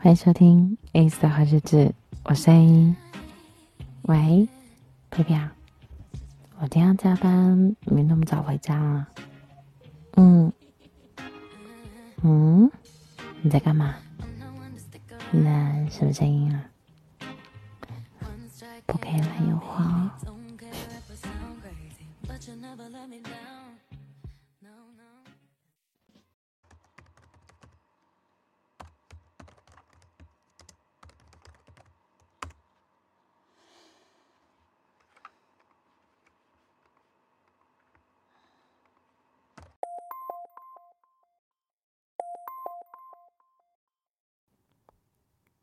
歡迎收聽《AAS 對話日誌》，我是愛音。喂，P P 啊，我今天加班，沒那麼早回家了，啊。嗯嗯，你在幹嘛？那什麼聲音啊？不可以來油話哦。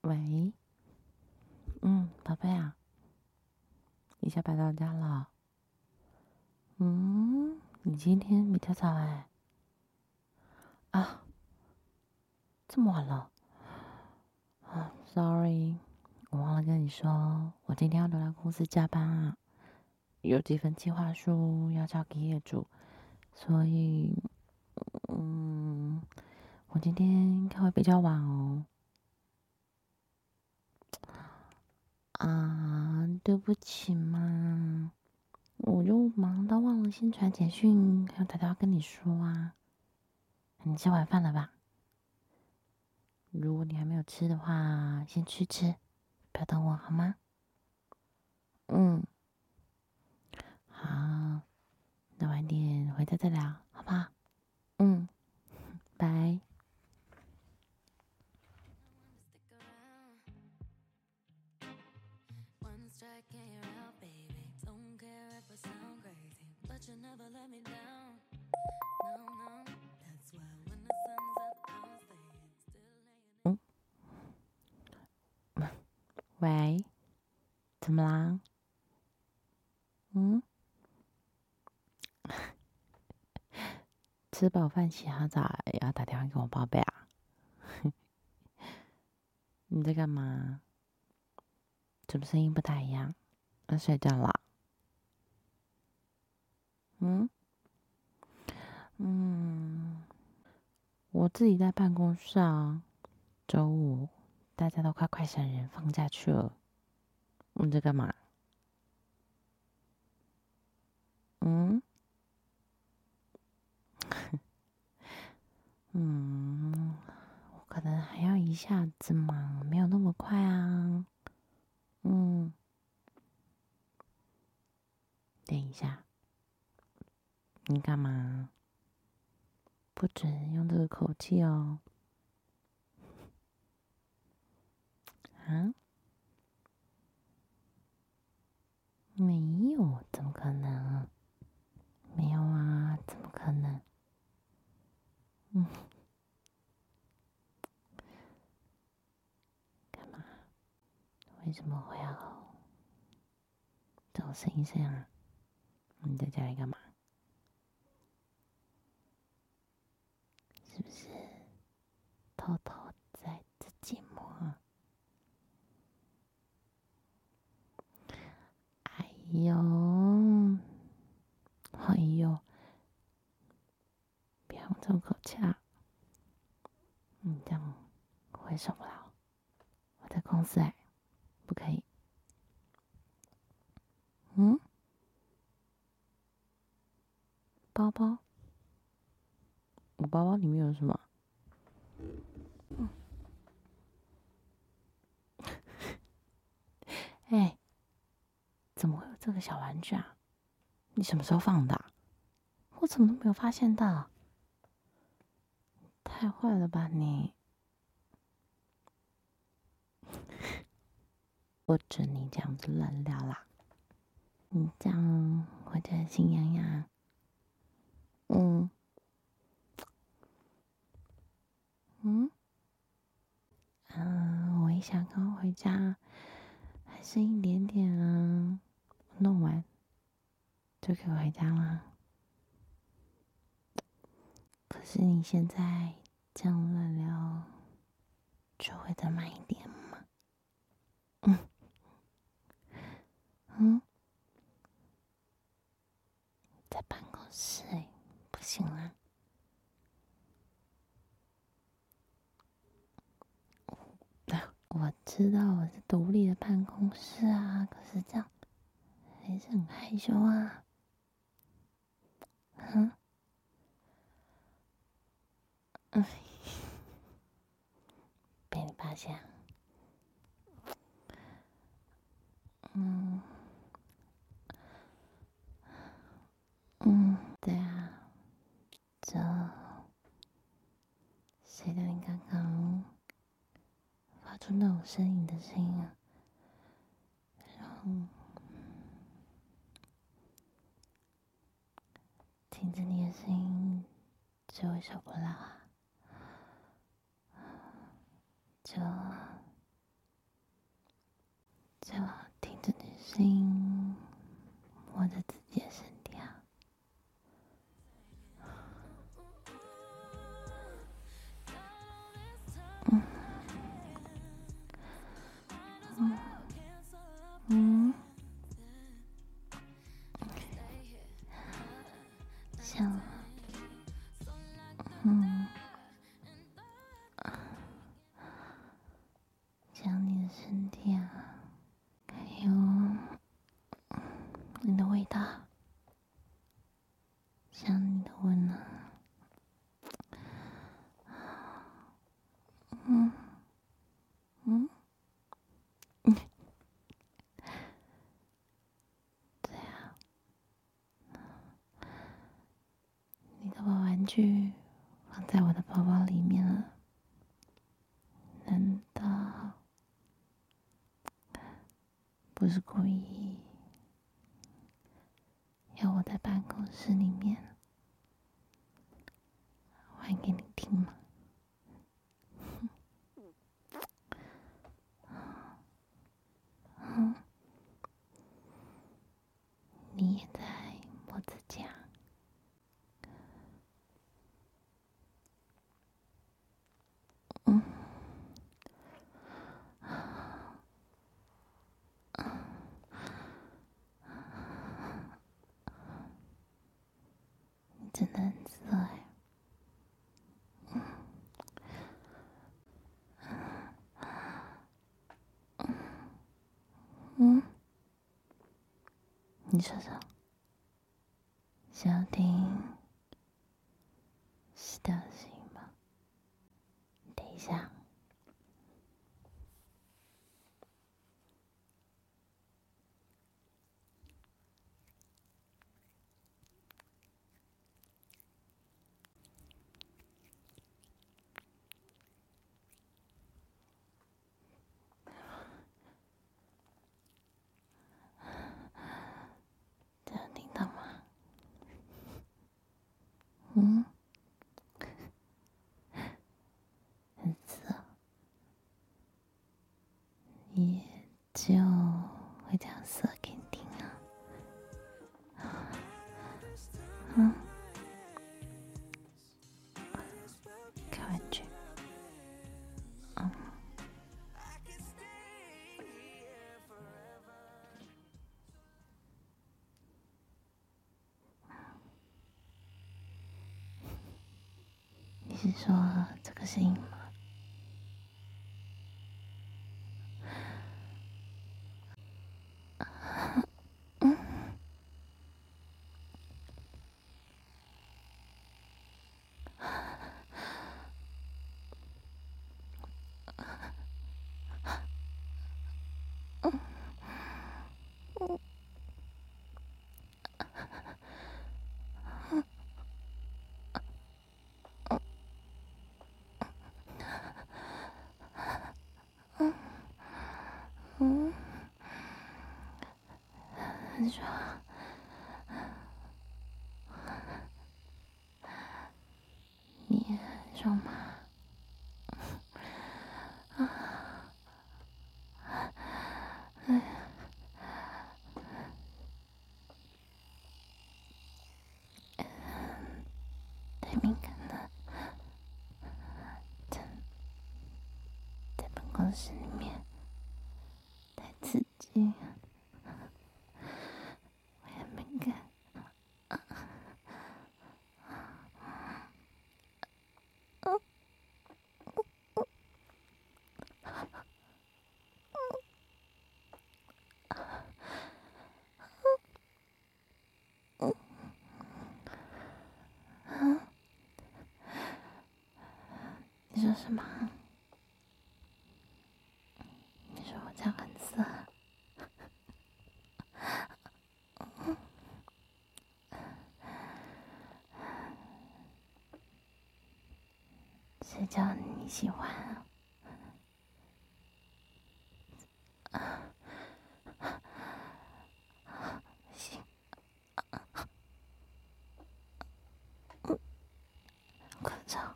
喂，嗯，寶貝啊，你下班到家了。嗯，你今天比較早哎、欸。啊，這麼晚了，啊，sorry，我忘了跟你說，我今天要留在公司加班啊，有幾份計劃書要交給業主，所以，嗯，我今天開會比較晚哦。啊、呃，對不起嘛，我就忙到忘了先傳簡訊，還要打電話跟你說啊。你吃晚飯了吧？如果你還沒有吃的話，先去吃，不要等我好嗎？嗯，好，那晚點回家再聊，好不好？嗯，拜。 嗯？喂？怎麼啦？嗯？吃飽飯洗好澡也要打電話給我報備啊？你在幹嘛？怎麼聲音不太一樣？要睡覺了。嗯，嗯，我自己在辦公室。啊，週五，大家都快快閃人放假去了。你在幹嘛？嗯， 嗯，我可能還要一下子嘛，沒有那麼快啊。嗯，等一下。你幹嘛？不准用這個口氣哦！啊？沒有？怎麼可能？沒有啊？怎麼可能？嗯？幹嘛？為什麼我要找聲音聲啊？你在家裡幹嘛？偷偷在自己摸，哎呦，哎呦，別放口氣啦。嗯，這樣我也受不了。我在公司哎，不可以。嗯？包包？我包包裡面有什麼？哎，怎麼會有這個小玩具啊？你什麼時候放的？我怎麼都沒有發現到？太壞了吧你！不 准你這樣子亂撩啦！你、嗯、這樣我就很心癢癢，嗯，嗯，嗯，我也想跟我回家。剩一點點啊，弄完就可以回家啦。可是你現在這樣亂聊，就會再慢一點嘛。嗯嗯，在辦公室哎、欸，不行啦。我知道我是獨立的辦公室啊，可是這樣還是很害羞啊。嗯，哎，被你發現了。聽着的聲音，啊，然後聽着你的聲音就會受不了啊！就就聽着你的聲音。嗯，嗯，對呀，你都把玩具放在我的包包裡面了，難道不是故意要我在辦公室裡面？難受。嗯，你說說，小婷，是的，行吧。等一下。就會這樣說給你聽啊，嗯，看玩具，嗯，你是說這個聲音？你說，你說嘛，哎呀、嗯，太敏感了，在在辦公室裡面太刺激。你說什麼？你說我這樣很色？ 誰叫你喜歡？行，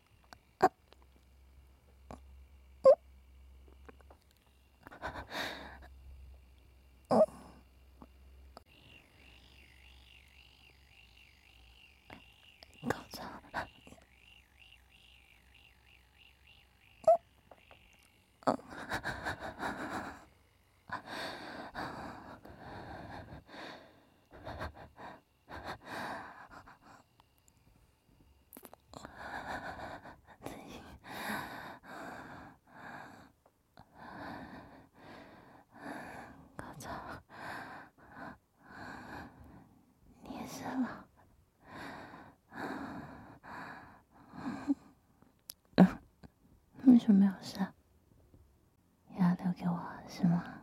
為 什麼沒有事啊？要留給我是嗎？